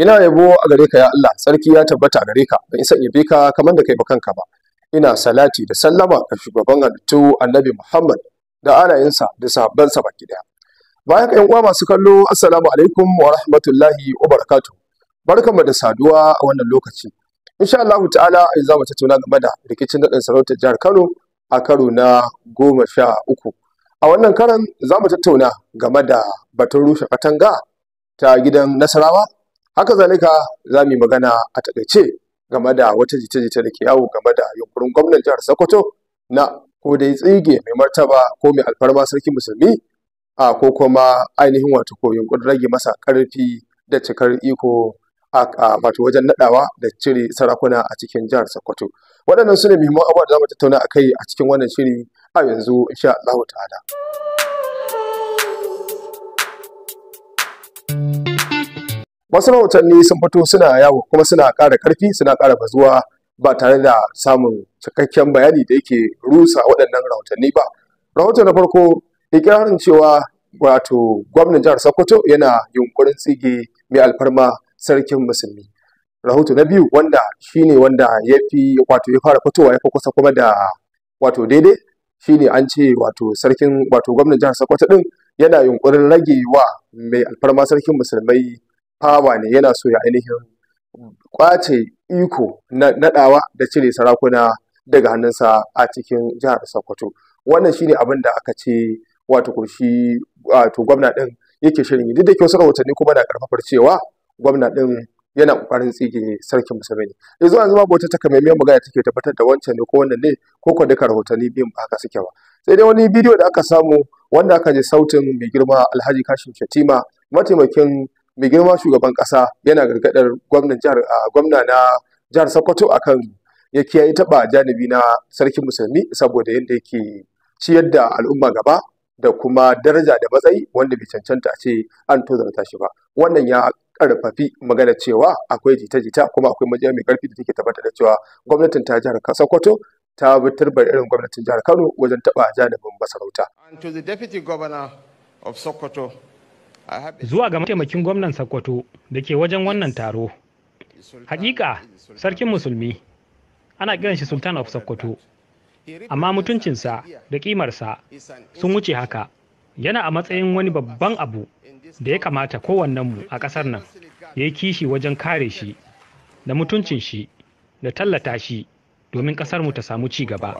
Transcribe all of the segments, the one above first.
ina yabo a gare ka ya Allah sarki ya tabbata gare ka ban isa yabe ka kamar da kai ba kanka ba ina salati da sallama ga shugaban halittu annabi Muhammad da alayinsa da sahabbansa baki daya bayan ka uwa masu kallo assalamu alaikum wa rahmatullahi wa barakatuh barkamu da saduwa a wannan lokaci insha Allah ta'ala a za mu tattauna game da rikicin daɗin Sarauta jihar Kano a karo na goma sha uku a wannan karan za mu tattauna game da batun rushe katanga ta gidan Nasarawa haka zalika za mu yi magana a takaice game da wata jita-jita da ke yawo game da yunkurin gwamnan jihar sokoto na ko dai tsige mai martaba ko mai alfarma sarki musulmi a ko kuma ainihin wato ko yunkurin rage masa karfi da cikar iko a wato wajen nadawa da cire sarakuna a cikin jihar sokoto waɗannan su ne muhimman abubuwa da za mu tattauna a kai a cikin wannan shiri a yanzu insha Allah ta'ala. wasu rahotanni sun fito suna yawo kuma suna ƙara ƙarfi suna ƙara bazuwa ba tare da samun cikakken bayani da yake rusa waɗannan rahotanni ba rahoton na farko ikirarin cewa wato gwamnan jihar sokoto yana yunkurin tsige mai alfarma sarkin musulmi rahoto na biyu wanda shine wanda ya fi wato ya fara fitowa ya fi kusa kuma da wato daidai shine an ce wato sarkin wato gwamnan jihar sokoto din yana yunkurin rage wa mai alfarma sarkin musulmai fawa ne yana so ya ainihin kwace iko na nadawa da cire sarakuna daga hannunsa a cikin jihar Sokoto wannan shine abin da aka ce wato ko shi wato gwamna din yake shirin yi duk da ke wasu rahotanni kuma na karfafar cewa gwamna din yana kokarin tsige sarkin musulmi ne eh, zuwa yanzu babu wata takamaimiyar magana take tabbatar da wancan ne ko wannan ne ko ko duka rahotanni biyun ba haka suke ba sai dai wani bidiyo da aka samu wanda aka ji sautin mai girma alhaji Kashim shatima mataimakin mai girma shugaban ƙasa yana gargaɗar gwamnan jihar gwamna na jihar Sokoto a kan ya kiyaye taba janibi na sarkin musulmi saboda yadda yake ciyar da al'umma gaba da kuma daraja da matsayi wanda bai cancanta ce an tozarta shi ba wannan ya karfafi magana cewa akwai jita-jita kuma akwai majiya mai karfi da take tabbatar da cewa gwamnatin ta jihar Sokoto ta bi turbar irin gwamnatin jihar Kano wajen taba janibin masarauta. And deputy governor of Sokoto zuwa ga mataimakin gwamnan Sokoto da ke wajen wannan taro. Hakika sarkin musulmi ana kiran shi Sultan of Sokoto, amma mutuncinsa da ƙimarsa sun wuce haka yana a matsayin wani babban abu da ya kamata kowannenmu a ƙasar nan ya yi kishi wajen kare shi da mutuncin shi da tallata shi domin ƙasarmu ta samu ci gaba.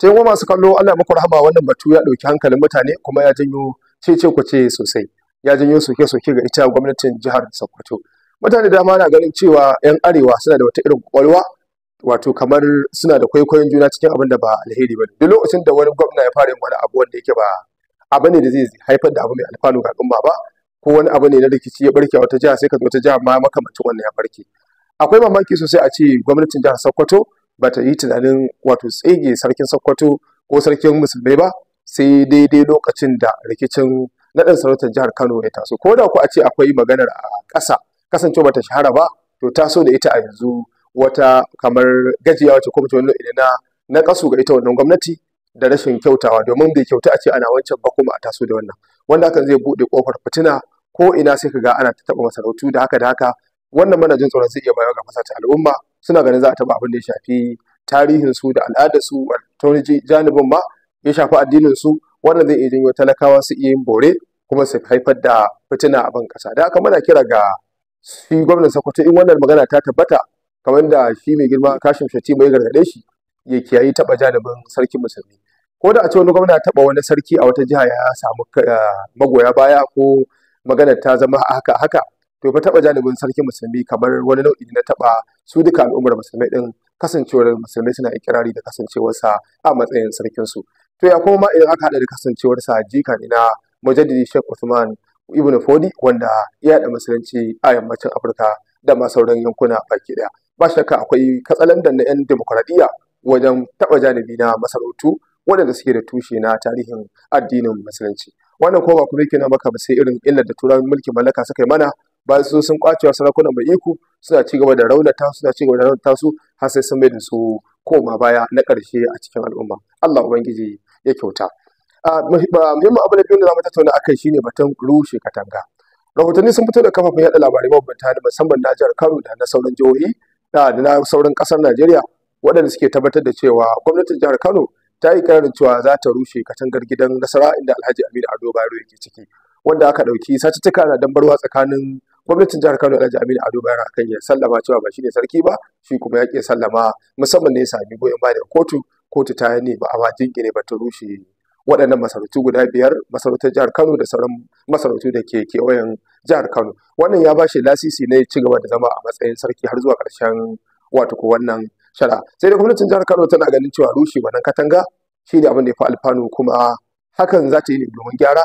sai masu kallo ana muku rahama wannan batu ya ɗauki hankalin mutane kuma ya janyo cece ku sosai ya janyo soke-soke ga ita gwamnatin jihar Sokoto. Mutane dama na ganin cewa 'yan arewa suna da wata irin kwakwalwa wato kamar suna da kwaikwayon juna cikin abin da ba alheri ba duk lokacin da wani gwamna ya fara yin wani abu wanda yake ba abu ne da zai haifar da abu mai alfanu ga al'umma ba ko wani abu ne na rikici ya barke wata jiha sai ka wata jiha ma makamancin wannan ya barke akwai mamaki sosai a ce gwamnatin jihar Sokoto ba ta yi tunanin wato tsege sarkin Sokoto ko sarkin musulmai ba sai daidai lokacin da rikicin naɗin sarautar jihar Kano ya taso ko da ku a ce akwai maganar a ƙasa kasance bata shahara ba to taso da ita a yanzu wata kamar gajiya wace ko mutum na na kasu ga ita wannan gwamnati da rashin kyautawa domin bai kyauta a ce ana wancan ba kuma a taso da wannan wanda hakan zai buɗe ƙofar fitina ko ina sai ka ga ana ta taɓa masarautu da haka da haka wannan manajin tsoron zai iya bayar ga fasata al'umma suna ganin za a taɓa abin da ya shafi tarihin su da al'adar su wani janibin ma ya shafi addinin su wannan zai iya janyo talakawa su iya yin bore kuma su haifar da fitina a ban kasa da aka mana kira ga shi gwamnan Sokoto in wannan magana ta tabbata kamar da shi mai girma Kashim shati mai gargade shi ya kiyayi taɓa janibin sarkin musulmi ko da a ce wani gwamna ya taɓa wani sarki a wata jiha ya samu eh, magoya baya ko magana ta zama haka haka to fa taɓa janibin sarkin musulmi kamar wani nau'i na taɓa su duka al'ummar musulmai din kasancewar musulmai suna ikirari da kasancewarsa a matsayin sarkinsu to ya kuma idan aka haɗa da kasancewar sa jika ne na mujaddidi Sheikh Usman Ibn Fodi wanda ya da musulunci a yammacin Afirka da ma sauran yankuna baki ɗaya? ba shakka akwai katsalandan na yan demokradiyya wajen taɓa janibi na masarautu waɗanda suke da tushe na tarihin addinin musulunci wannan kuma ba kuma yake na maka ba sai irin illar da turan mulkin mallaka suka yi mana bayan sun sun kwacewa sarakunan mai iko suna ci gaba da raunata suna ci gaba da raunata su har sai sun mai da su koma baya na ƙarshe a cikin al'umma Allah ubangiji ya kyauta muhimmin abin da biyu da za mu tattauna akai shine batun rushe katanga rahotanni sun fito da kafafen yaɗa labarai mabambanta da musamman na jihar Kano da na sauran jihohi da na sauran ƙasar Najeriya waɗanda suke tabbatar da cewa gwamnatin jihar Kano ta yi kirarin cewa za ta rushe katangar gidan nasara inda Alhaji Aminu Ado Bayero yake ciki wanda aka ɗauki satuttuka na dambarwa tsakanin gwamnatin jihar Kano Alhaji Aminu Ado Bayero kan ya sallama cewa ba shine sarki ba shi kuma ya sallama musamman ne ya sami goyon baya daga kotu kotu ta yi ne ba a ma jingine ba ta rushe waɗannan masarautu guda biyar masarautar jihar Kano da sauran masarautu da ke kewayen jihar Kano wannan ya bashi lasisi na ci gaba da zama a matsayin sarki har zuwa ƙarshen wato ko wannan shara. sai da gwamnatin jihar Kano tana ganin cewa rushe wannan katanga shi ne abin da ya fi alfanu kuma hakan za ta yi ne domin gyara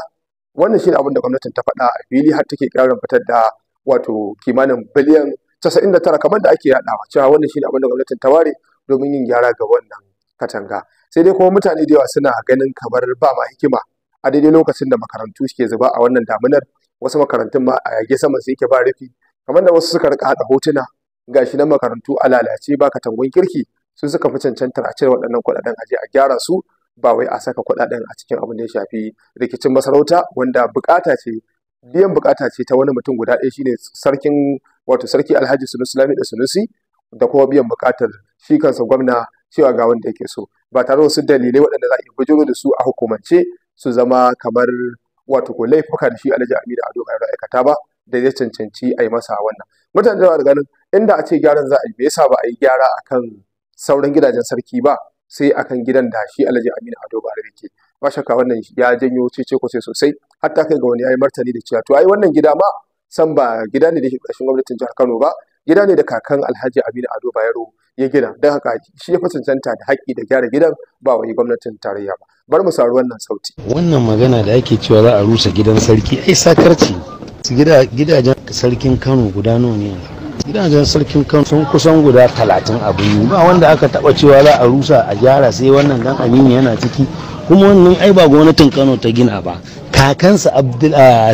wannan shi ne abin da gwamnatin ta faɗa a fili har take ƙarin fitar da wato kimanin biliyan 99 kamar da ake yadawa cewa wannan shine abin da gwamnatin ta ware domin yin gyara ga wannan katanga sai dai kuma mutane da yawa suna ganin kamar ba ma hikima a daidai lokacin da makarantu suke zuba a wannan damunar wasu makarantun ma a yage sama su yake ba rufi kamar da wasu suka rika haɗa hotuna gashi na makarantu a lalace ba katangon kirki su suka fi cancantar a cire waɗannan kuɗaɗen aje a gyara su ba wai a saka kuɗaɗen a cikin abin da ya shafi rikicin masarauta wanda bukata ce biyan bukata ce ta wani mutum guda ɗaya shine sarkin wato sarki Alhaji Sunusi Lami da Sunusi da kuma biyan bukatar shi kansa gwamna cewa ga wanda yake so ba tare da wasu dalilai waɗanda za a iya bujiro da su a hukumance su zama kamar wato ko laifuka da shi Alhaji Aminu Ado Bayero aikata ba da ya cancanci a yi masa wannan mutane da ganin inda a ce gyaran za a yi me yasa ba a yi gyara akan sauran gidajen sarki ba sai akan gidan da shi Alhaji Aminu Ado ba ke. ba shakka wannan ya janyo cece kwace sosai Har hatta kai ga wani yayi martani da cewa to ai wannan gida ma san ba gida ne da ke ƙarshen gwamnatin jihar Kano ba gida ne da kakan Alhaji Aminu Ado Bayero ya gina don haka shi ya fi da haƙƙi da gyara gidan ba wai gwamnatin tarayya ba bar mu sauri wannan sauti wannan magana da ake cewa za a rusa gidan sarki ai sakarci gidajen sarkin Kano guda nawa ne gidajen sarkin kan sun kusan guda talatin a biyu ba wanda aka taba cewa za a rusa a gyara sai wannan dan aminu yana ciki kuma wannan ai ba gwamnatin kano ta gina ba kakansa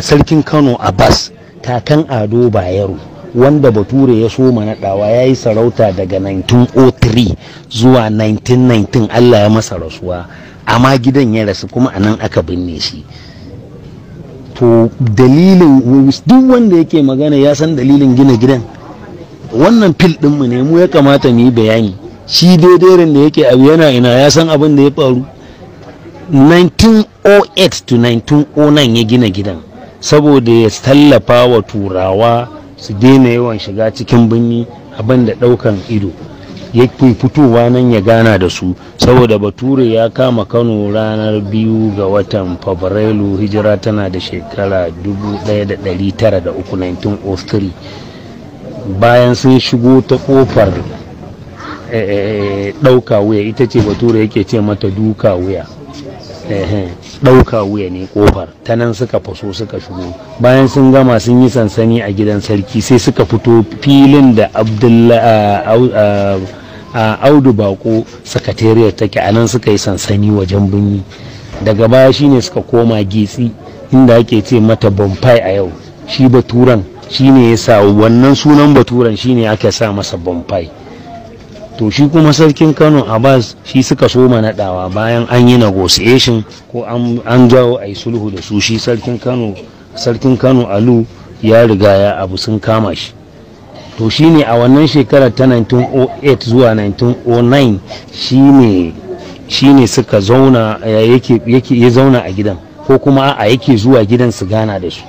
sarkin kano a bas. kakan ado bayero wanda bature ya so naɗawa ya yi sarauta daga 1903 zuwa 1919 allah ya masa rasuwa amma gidan ya rasu kuma anan aka binne shi to dalilin duk wanda yake magana ya san dalilin gina gidan wannan fil mu ne mu ya kamata mu yi bayani shi daidairin da yake abu yana ina ya san abin da ya faru 1908 to 1909 ya gina gidan saboda ya tallafa wa turawa su daina yawan shiga cikin birni abin da ɗaukan ido ya fitowa nan ya gana da su saboda bature ya kama kano ranar biyu ga watan fabrairu hijira tana da shekara 1903 bayan sun shigo ta kofar ɗauka eh, eh, eh, wuya ita ce bature yake ce mata duka wuya ɗauka wuya ne kofar ta nan suka faso suka shigo bayan sun gama sun yi sansani a gidan sarki sai suka fito filin da audu bako sakatariyar take a nan suka yi sansani wajen birni daga baya shine suka koma gitsi inda ake ce mata bonfai a yau shi baturan shine sa, wannan sunan baturan shine aka sa masa bonfai to shi kuma sarkin kano a abbas shi suka so naɗawa bayan an yi negotiation ko an jawo a yi sulhu da su shi sarkin kano sarkin kano alu ya riga ya abu sun kama shi to shi ne a wannan shekarar ta 1908 zuwa 1909 shi ne suka zauna yake ya zauna a gidan ko kuma a yake zuwa gidan su gana da su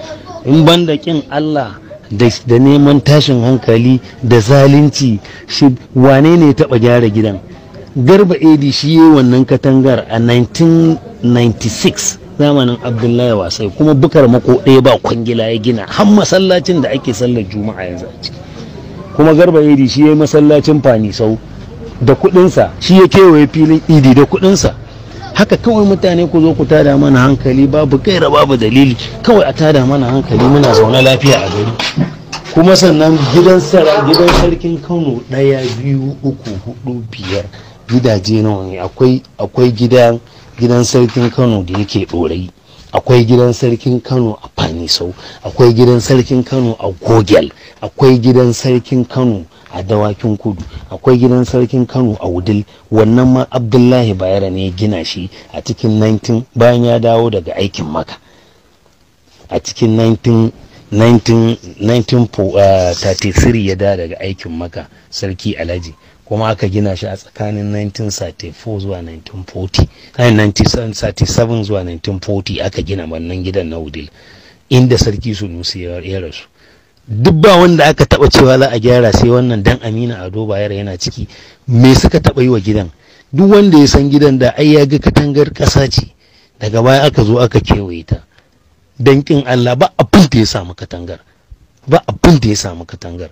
in banda kin allah da neman tashin hankali da zalunci shi wane ne taɓa gyara gidan garba edi shi yi wannan katangar a 1996 zamanin abdullahi wasai kuma bukar mako ɗaya ba kwangila ya gina har masallacin da ake sallar juma'a yanzu kuma garba edi shi ya yi masallacin fanisau da kuɗinsa shi ya kewaye filin idi da kuɗinsa haka kawai mutane ku zo ku tada mana hankali babu ra babu dalili kawai a tada mana hankali muna zaune lafiya a gari kuma sannan gidan gidan sarkin kano ɗaya biyu uku hudu biyar gidaje nawa ne akwai gidan sarkin kano da yake ɗorai akwai gidan sarkin kano a panisau akwai gidan sarkin kano a gogel akwai gidan sarkin kano a dawakin kudu akwai gidan sarkin kano a wudil wannan ma abdullahi bayara ne ya gina shi a cikin 19 bayan ya dawo daga aikin maka a cikin 1933 uh, ya dawo daga aikin maka sarki alhaji kuma aka gina shi a tsakanin 1934 zuwa 1940 1937 eh, zuwa 1940 aka gina wannan gidan na wudil inda sarki sunusi ya rasu duk ba wanda aka taba cewa za a gyara sai wannan dan amina ado bayar yana ciki me suka taba yi wa gidan duk wanda ya san gidan da ai ya ga katangar ƙasa ce daga baya aka zo aka kewaye ta dan kin Allah ba abin da ya samu katangar ba abin da ya samu katangar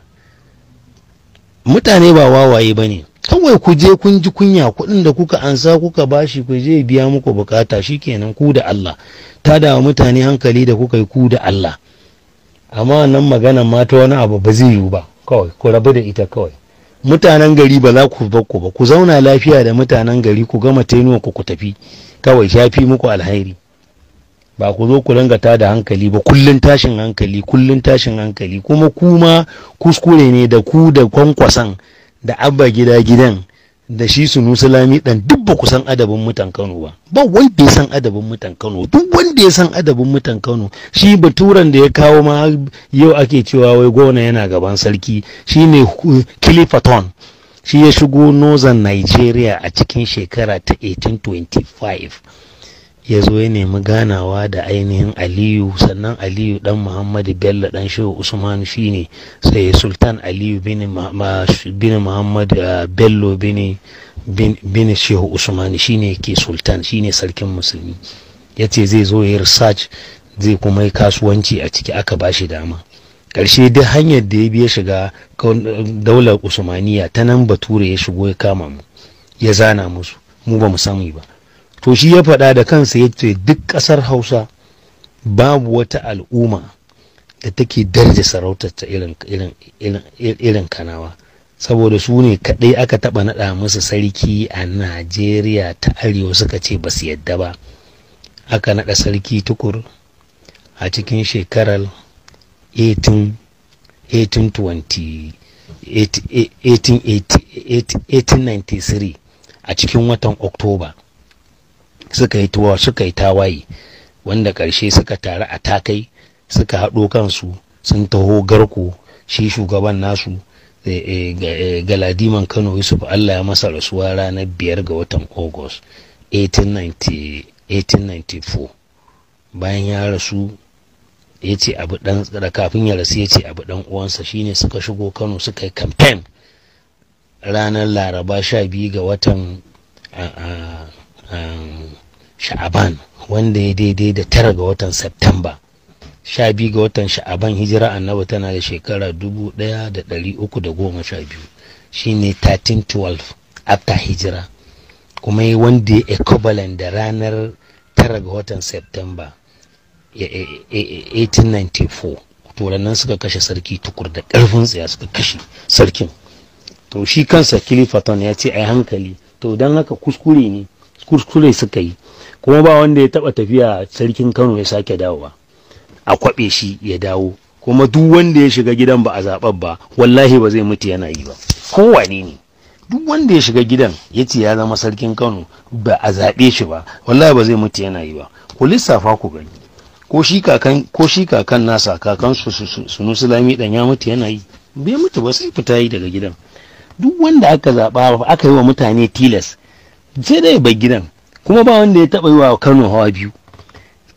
mutane ba wawaye ba ne kawai ku je kun ji kunya kuɗin da kuka ansa kuka bashi ku je biya muku bukata kenan ku da Allah ta da mutane hankali da kuka yi ku da Allah amma nan magana ma ta wani abu ba zai yiwu ba kawai ku rabu da ita kawai mutanen gari ba za ku ku ba ku zauna lafiya da mutanen gari ku gama tainuwa ku ku tafi kawai shafi muku alheri ba ku zo ku dinga ta da hankali ba kullun tashin hankali kullun tashin hankali kuma kuma kuskure ne da ku da kwankwasan da abba gida gidan da shi su nusulami dan duk ba ku san adabin mutan Kano ba ba wanda ya san adabin mutan Kano duk wanda ya san adabin mutan Kano shi baturan da ya kawo ma yau ake cewa wai gona yana gaban sarki shine Kilifaton shi ya shigo Northern Nigeria a cikin shekara ta 1825 ya zo ya nemi ganawa da ainihin aliyu sannan aliyu dan muhammadu bello dan shehu usman shine sai sultan aliyu bin muhammadu ah, bello bin shehu usman shine ke sultan shine sarkin musulmi ya ce zai zo ya research zai kuma yi kasuwanci a ciki aka ba shi dama ƙarshe duk hanyar da ya biya shiga daular usmaniya ta nan bature ya shigo ya kama mu ya zana musu mu ba mu sami ba to shi ya faɗa da kansa ya ce duk ƙasar hausa babu wata al'umma da take darje sarautar ta irin kanawa saboda su ne kaɗai aka taɓa naɗa musu sarki a najeriya ta arewa suka ce ba su yadda ba aka naɗa sarki tukur a cikin shekarar 1893 a cikin watan oktoba suka yi tuwa suka yi tawaye wanda ƙarshe suka taru a takai suka haɗo kansu sun taho garko shi shugaban nasu eh, eh, eh, galadiman kano yusuf allah ya masa rasuwa ranar biyar ga watan august 1894 bayan ya rasu ya ce abu dan da kafin ya rasu ya ce abu dan uwansa shine suka shigo kano suka yi kamfen ranar laraba sha biyu ga watan Um, sha'aban wanda ya daidai da tara ga watan september sha biyu ga watan sha'aban hijira annabi tana da shekara dubu daya da dari uku da goma sha biyu shine 1312 after hijira kuma yi wanda ya equivalent da ranar tara ga watan september 1894 turanan suka kashe sarki tukur da ƙarfin tsaya suka kashe sarkin to shi kansa kilifaton ya ce a hankali to don haka kuskure ne kuskure suka yi kuma ba wanda ya taba tafiya sarkin kano ya sake dawowa a kwabe shi ya dawo kuma duk wanda ya shiga gidan ba a zaɓar ba wallahi ba zai mutu yana yi ba kowane ne duk wanda ya shiga gidan ya ce ya zama sarkin kano ba a zaɓe shi ba wallahi ba zai mutu yana yi ba ku lissafa ku gani ko shi kakan ko shi kakan nasa kakan su sunusulami dan ya mutu yana yi bai mutu ba sai fita yi daga gidan duk wanda aka zaɓa aka yi wa mutane tilas sai dai bai gidan kuma ba wanda ya taba yi wa kano hawa biyu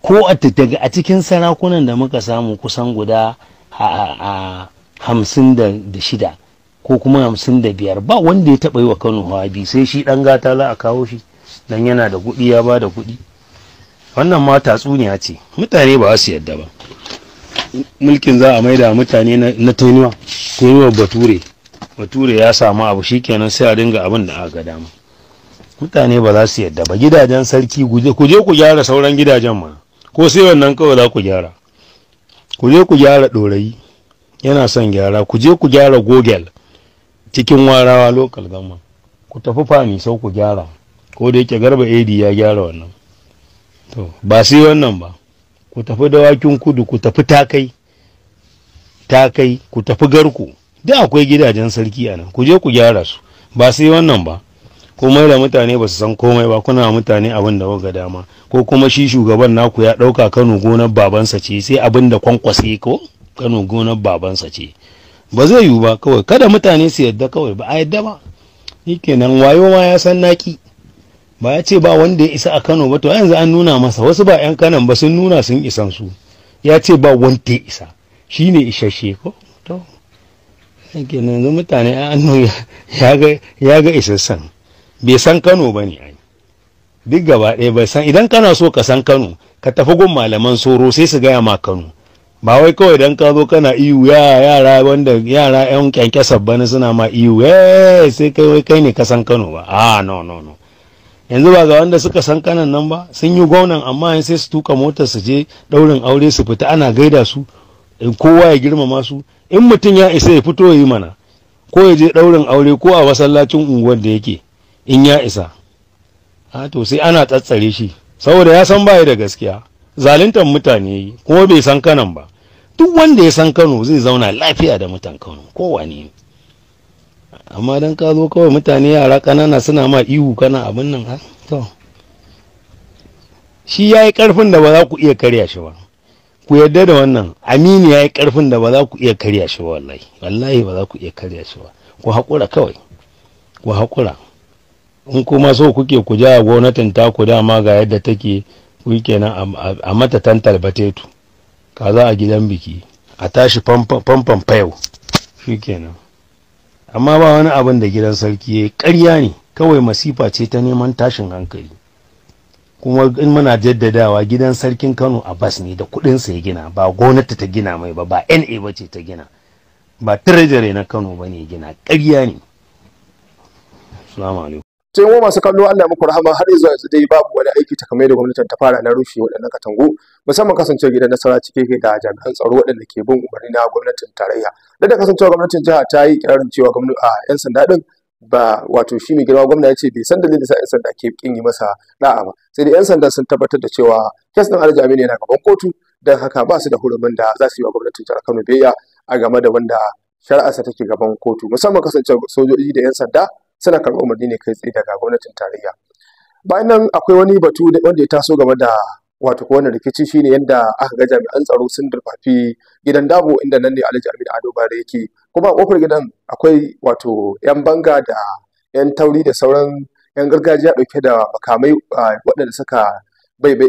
ko daga a cikin sarakunan da muka samu kusan guda hamsin da shida ko kuma hamsin da biyar ba wanda ya taba yi wa kano hawa biyu sai shi dan gata la a kawo shi dan yana da kuɗi ya ba da kuɗi wannan ma tatsuniya ce mutane ba su yadda ba mulkin za a maida mutane na tenuwa tenuwa bature bature ya samu abu shikenan sai a dinga abin da aka ga dama mutane ba za su yadda ba gidajen sarki ku je ku gyara sauran gidajen ma ko sai wannan kawai za ku gyara ku je ku gyara ɗorayi yana son gyara ku je ku gyara gogel cikin warawa lokal gama ku tafi fani sau ku gyara ko da yake garba ad ya gyara wannan to ba sai wannan ba ku tafi dawakin kudu ku tafi takai takai ku tafi garku da akwai gidajen sarki a nan ku je ku gyara su ba sai wannan ba komai da mutane ba su san komai ba kuna mutane abin da ga dama ko kuma shi shugaban naku ya ɗauka kano gonar babansa ce sai abin da kwankwase ko kano gonar babansa ce ba zai yiwu ba kawai kada mutane su yadda kawai ba a yadda ba kenan wayo ma ya san naki ba ya ce ba wanda ya isa a kano ba to yanzu an nuna masa wasu ba 'yan kanan ba sun nuna sun isan su ya ce ba wanda ya isa shine isasshe ko to kenan yanzu mutane an ya ga isassan bai san kano ba ne duk gaba ɗaya bai san idan kana so ka san kano ka tafi gun malaman soro sai su gaya ma kano ba wai kawai idan ka zo kana iyu ya yara wanda yara yan kyanke sabbani suna ma iyu eh sai kai wai kai ne ka san kano ba ah no no no yanzu ba ga wanda suka san kanan nan ba sun yi gwamnan amma sai su tuka motar su je daurin aure su fita ana gaida su kowa ya girmama su in mutum ya isa ya fito ya yi mana ko ya je ɗaurin aure ko a masallacin unguwar da yake in ya isa a to sai ana tsatsare shi saboda ya san baya da gaskiya zaluntar mutane ko bai san kanan ba duk wanda ya san kano zai zauna lafiya da mutan kano kowane ne amma don ka zo kawai mutane yara kanana suna ma ihu kana abin nan ha to shi ya yi karfin da ba za ku iya karya shi ba ku yarda da wannan amini ya yi karfin da ba za ku iya karya shi ba wallahi wallahi ba za ku iya karya shi ba ku haƙura kawai ku haƙura in kuma so kuke ku ja gwamnatin ta ku. dama ga yadda take ku kenan a mata tantal batetu kaza a gidan biki a tashi famfan fayau shi kenan amma ba wani abin da gidan sarki ya karya ne kawai masifa ce ta neman tashin hankali kuma in muna jaddadawa gidan sarkin kano a bas ne da sa ya gina ba gwamnati ta gina mai ba ba na ba ce ta gina ba tirajare na kano ba ne gina karya ne sai wa masu kallo Allah muku rahama har zuwa yanzu dai babu wani aiki ta kamar da gwamnatin ta fara na rushe waɗannan katangu musamman kasancewa gidan nasara cike ke da jami'an tsaro waɗanda ke bin umarni na gwamnatin tarayya da da kasancewa gwamnatin jiha ta yi kirarin cewa gwamnati a yan sanda din ba wato shi mai girma gwamna ya ce bai san dalilin sa yan sanda ke kin yi masa da'a ba sai da yan sanda sun tabbatar da cewa kes din Alhaji Aminu yana gaban kotu dan haka ba su da hurumin da za su yi wa gwamnatin jihar Kano biyayya a game da wanda shari'arsa take gaban kotu musamman kasancewa sojoji da yan sanda suna karɓar umarni ne kai tsaye daga gwamnatin tarayya bayan nan akwai wani batu wanda ya taso game da wato ko wannan rikici shine yadda aka ga jami'an tsaro sun durfafi gidan dabo inda nan ne Alhaji Aminu Ado Bare yake kuma a kofar gidan akwai wato yan banga da yan tauri da sauran yan gargajiya ɗauke da makamai waɗanda suka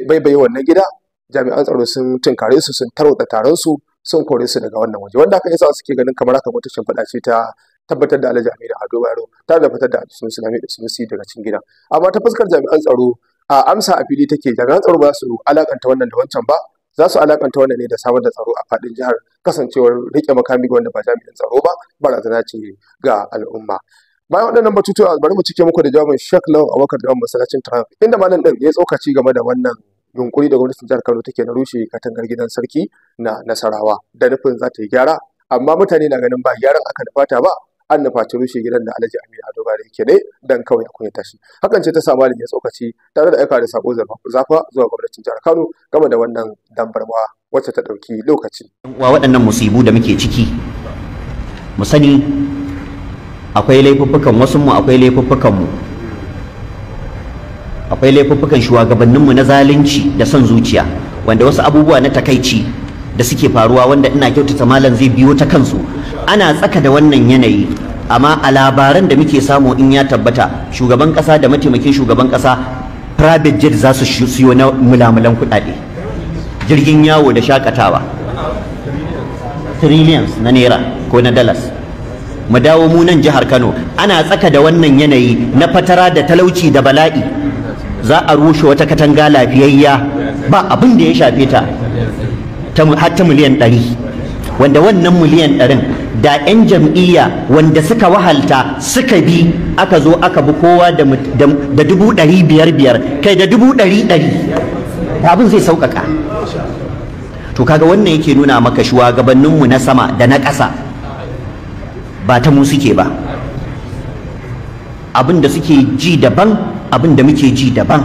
baibaye wannan gida jami'an tsaro sun tunkare su sun tarwata taron su sun kore su daga wannan waje wanda aka yasa suke ganin kamar haka wata shimfiɗa ce ta tabbatar da alhaji amina ado bayero ta fitar da alhaji islami da si daga cikin gida amma ta fuskar jami'an tsaro a amsa a fili take jami'an tsaro ba su alakanta wannan da wancan ba za su alakanta wannan ne da samar da tsaro a faɗin jihar kasancewar rike makami wanda ba jami'in tsaro ba barazana ce ga al'umma bayan waɗannan batutuwa bari mu cike muku da jawabin Sheikh a wakar da masallacin Trump inda malam din ya tsokaci game da wannan yunkuri da gwamnatin jihar Kano take na rushe katangar gidan sarki na Nasarawa da nufin za ta yi gyara amma mutane na ganin ba gyaran aka fata ba an nufaci rushe gidan da Alhaji Aminu Ado Bare yake ne dan kawai a kunya tashi hakan ce ta sa malin ya tsokaci tare da aika da sako zafa zuwa gwamnatin jihar Kano game da wannan dambarwa wacce ta dauki lokaci wa waɗannan musibu da muke ciki mu sani akwai laifuffukan wasu mu akwai laifuffukan mu akwai laifuffukan shugabanninmu na zalunci da son zuciya wanda wasu abubuwa na takaici da suke faruwa wanda ina kyautata malam zai biyo ta kansu ana tsaka da wannan yanayi amma a labaran da muke samu in ya tabbata shugaban kasa da mataimakin shugaban kasa private jet za su siyo na mulamulan kuɗaɗe jirgin yawo da shakatawa trillions na naira ko na dollars mu dawo mu nan jihar Kano ana tsaka da wannan yanayi na fatara da talauci da bala'i za a rushe wata katanga lafiyayya ba abin da ya shafe ta har ta miliyan ɗari wanda wannan miliyan ɗarin da 'yan jam'iyya wanda suka wahalta suka bi aka zo aka bi kowa da dubu ɗari biyar biyar kai da dubu ɗari ɗari abin zai sauƙaƙa to kaga wannan yake nuna maka shugabanninmu na sama da na ƙasa ba ta mu suke ba abin da suke ji daban abin da muke ji daban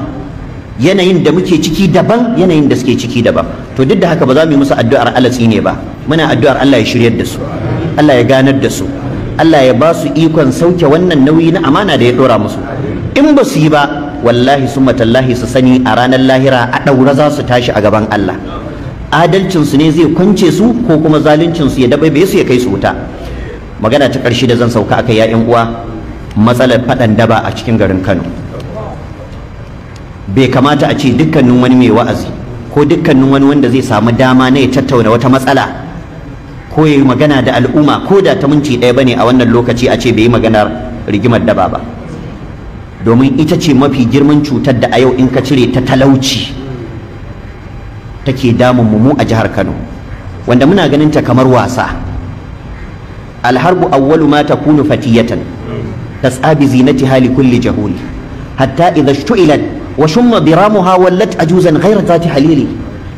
yanayin da muke ciki daban yanayin da suke ciki daban to duk da haka ba za mu yi musu addu'ar alatsi ne ba muna addu'ar Allah ya shiryar da su Allah ya ganar da su Allah ya ba su ikon sauke wannan nauyi na amana da ya dora musu in ba su yi ba wallahi summa tallahi su sani a ranar lahira a daura za su tashi a gaban Allah adalcin su ne zai kwance su ko kuma zaluncin su ya dabaibaye su ya kai su wuta magana ta karshe da zan sauka akai ya'yan uwa matsalar faɗan daba a cikin garin Kano bai kamata a ce dukkanin wani mai wa'azi ko dukkanin wani wanda zai samu dama na ya tattauna wata matsala ko ya yi magana da al'umma ko da ta minci ɗaya bane a wannan lokaci a ce bai yi maganar rigimar daba ba domin ita ce mafi girman cutar da a yau in ka cire ta talauci take damun mu a jihar Kano wanda muna ganin ta kamar wasa alharbu awwalu ma takunu fatiyatan tas'abi zinati hali kulli jahuli hatta idha shtu'ilat wa shumma diramuha wallat ajuzan ghayra zati halili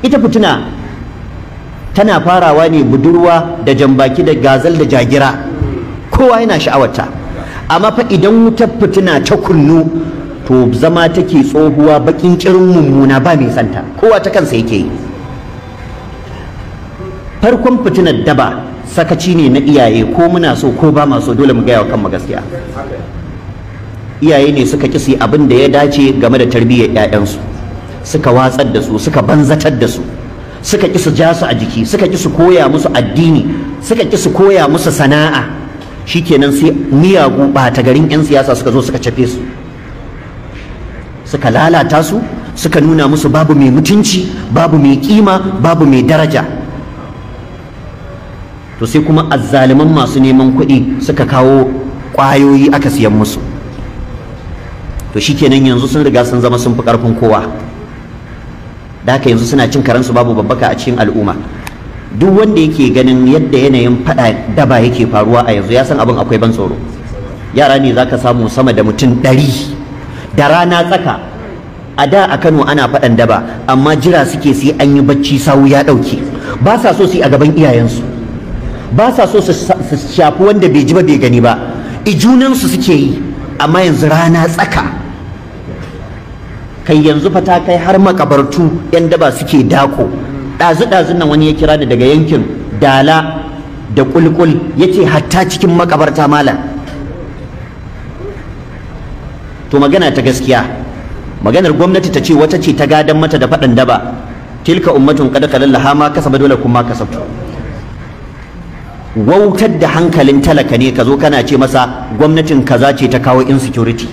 ita fituna tana farawa ne budurwa da jambaki da gazal da jagira kowa yana sha'awarta amma fa idan wutar fituna ta kunnu to zama take tsohuwa bakin kirin mummuna ba mai santa kowa ta kansa yake yi farkon fitinar daba sakaci ne na iyaye ko muna so ko ba ma so dole mu gaya wa kanmu gaskiya iyaye ne suka ƙi su abin da ya dace game da tarbiyyar 'ya'yansu suka watsar da su suka banzatar da su suka ƙi su ja su a jiki suka ƙi koya musu addini suka ƙi koya musu sana'a shikenan sai miyagu ɓata garin 'yan siyasa suka zo suka cafe su suka lalata su suka nuna musu babu mai mutunci babu mai kima babu mai daraja to sai kuma azzaliman masu neman kuɗi suka kawo ƙwayoyi aka siyan musu to shikenan yanzu sun riga sun zama sun fi karfin kowa da haka yanzu suna cin karansu babu babbaka a cikin al'umma duk wanda yake ganin yadda yanayin fada daba yake faruwa a yanzu ya san abin akwai ban tsoro yara ne zaka samu sama da mutum ɗari da rana tsaka a da a Kano ana faɗan daba amma jira suke sai an yi bacci sawu ya ɗauke ba sa so su yi a gaban iyayensu ba sa so su shafi wanda bai ji ba bai gani ba ijunansu suke yi amma yanzu rana tsaka kai yanzu fa ta kai har makabartu yan daba suke dako ɗazu dazun nan wani ya kira ni daga yankin dala da kulkul ya hatta cikin makabarta malam to magana ta gaskiya maganar gwamnati ta ce wata ce ta gadan mata da faɗan daba tilka ummatun qad khalallaha ma kasaba dole kuma kasabtu wautar da hankalin talaka ne ka zo kana ce masa gwamnatin kaza ce ta kawo insecurity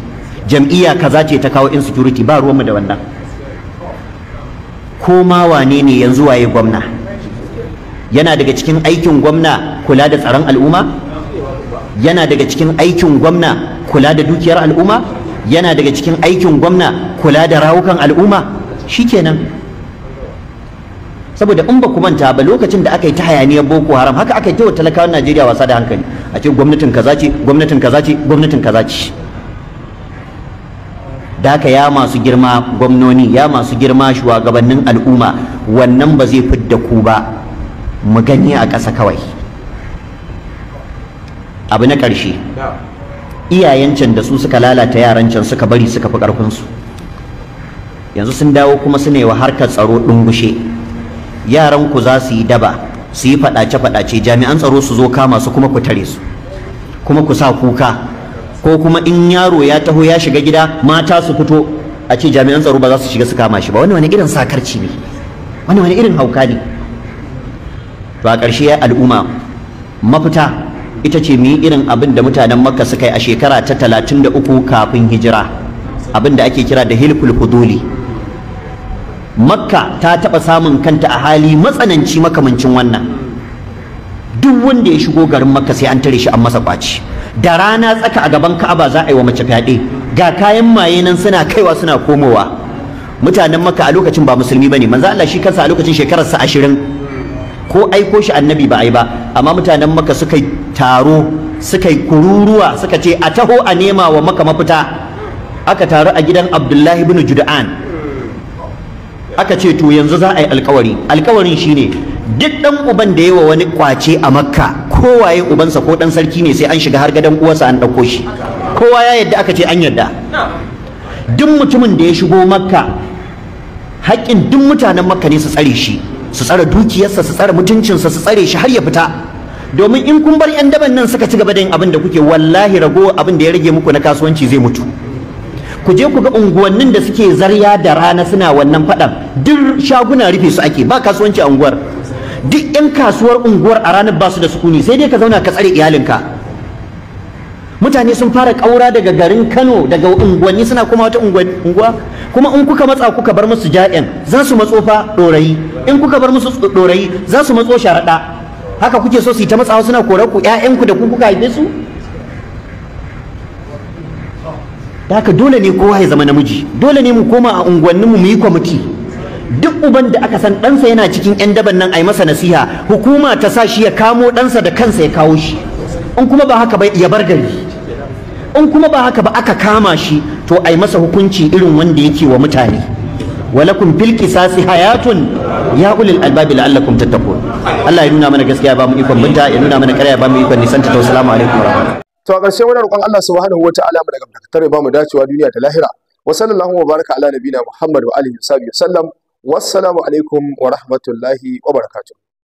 jam'iyya kaza ce ta kawo insecurity ba ruwanmu da wannan ko ma wane ne yanzu waye gwamna yana daga cikin aikin gwamna kula da tsaron al'umma yana daga cikin aikin gwamna kula da dukiyar al'umma yana daga cikin aikin gwamna kula da rawukan al'umma shikenan saboda in ba ku manta ba lokacin da aka yi ta hayaniyar boko haram haka aka yi ta talakawan najeriya wasa da hankali a ce gwamnatin kaza ce gwamnatin kaza ce gwamnatin kaza ce da haka ya masu girma gwamnoni ya masu girma shugabannin al'umma wannan ba zai fi da ku ba mu gani a ƙasa kawai abu na ƙarshe iyayen can da su suka lalata yaran can suka bari suka fi su. yanzu sun dawo kuma su ne wa harkar tsaro ɗungushe yaran ku za su yi daba su yi fadace fadace jami'an tsaro su zo kama su kuma ku tare su kuma ku sa kuka ko kuma in yaro ya taho ya shiga gida mata su fito a ce jami'an tsaro ba za su shiga su kama shi ba wani wani irin sakarci ne wani wani irin hauka ne to a ƙarshe al'umma mafita ita ce mu irin abin da mutanen makka suka yi a shekara ta 33 kafin hijira abin da ake kira da hilkul huduli makka ta taɓa samun kanta a hali matsananci makamancin wannan duk wanda ya shigo garin makka sai an tare shi an masa kwaci da rana tsaka a gaban ka'aba za a yi wa mace fyaɗe ga kayan maye nan suna kaiwa suna komowa mutanen makka a lokacin ba musulmi bane manzo Allah shi kansa a lokacin shekarar sa ashirin ko aiko shi annabi ba ai ba amma mutanen makka suka taro suka kururuwa suka ce a taho a nema wa maka mafita aka taru a gidan abdullahi ibn juda'an aka ce to yanzu za a yi alkawari alkawarin shine duk dan uban da yawa wani kwace a makka kowaye ubansa ko dan sarki ne sai an shiga har gadon uwarsa an ɗauko shi kowa ya yadda aka ce an yadda duk mutumin da ya shigo makka haƙƙin duk mutanen makka ne su tsare shi su tsare dukiyarsa su tsare mutuncinsa su tsare shi har ya fita domin in kun bar 'yan daban nan suka ci gaba da yin abin da kuke wallahi rago abin da ya rage muku na kasuwanci zai mutu ku je ku ga unguwannin da suke zarya da rana suna wannan faɗan duk shaguna rufe su ake ba kasuwanci a unguwar duk 'yan kasuwar unguwar a ranar ba su da sukuni sai dai ka zauna ka tsare iyalinka mutane sun fara ƙaura daga garin kano daga unguwanni suna kuma wata unguwa kuma in kuka matsa kuka bar musu ja'in za su matso fa ɗorayi in kuka bar musu ɗorayi za su matso sharaɗa haka kuke so su yi ta matsawa suna korar ku 'ya'yanku da ku kuka haife su da haka dole ne kowa ya zama namiji dole ne mu koma a unguwanninmu mu yi kwamiti duk uban da aka san ɗansa yana cikin 'yan daban nan a yi masa nasiha hukuma ta sa shi ya kamo ɗansa da kansa ya kawo shi in kuma ba haka ba ya bar gari in kuma ba haka ba aka kama shi to a yi masa hukunci irin wanda yake wa mutane walakum fil qisasi hayatun ya ulil albab la'allakum tattaqun Allah ya nuna mana gaskiya ba mu ikon binta ya nuna mana ƙarya ba mu ikon nisanta to assalamu alaikum to a ƙarshe muna roƙon Allah subhanahu wataala mu daga dakatar ya bamu dacewa duniya da lahira wa sallallahu wa baraka ala nabina Muhammad wa alihi wa sallam wassalamu alaikum wa rahmatullahi wa barakatuh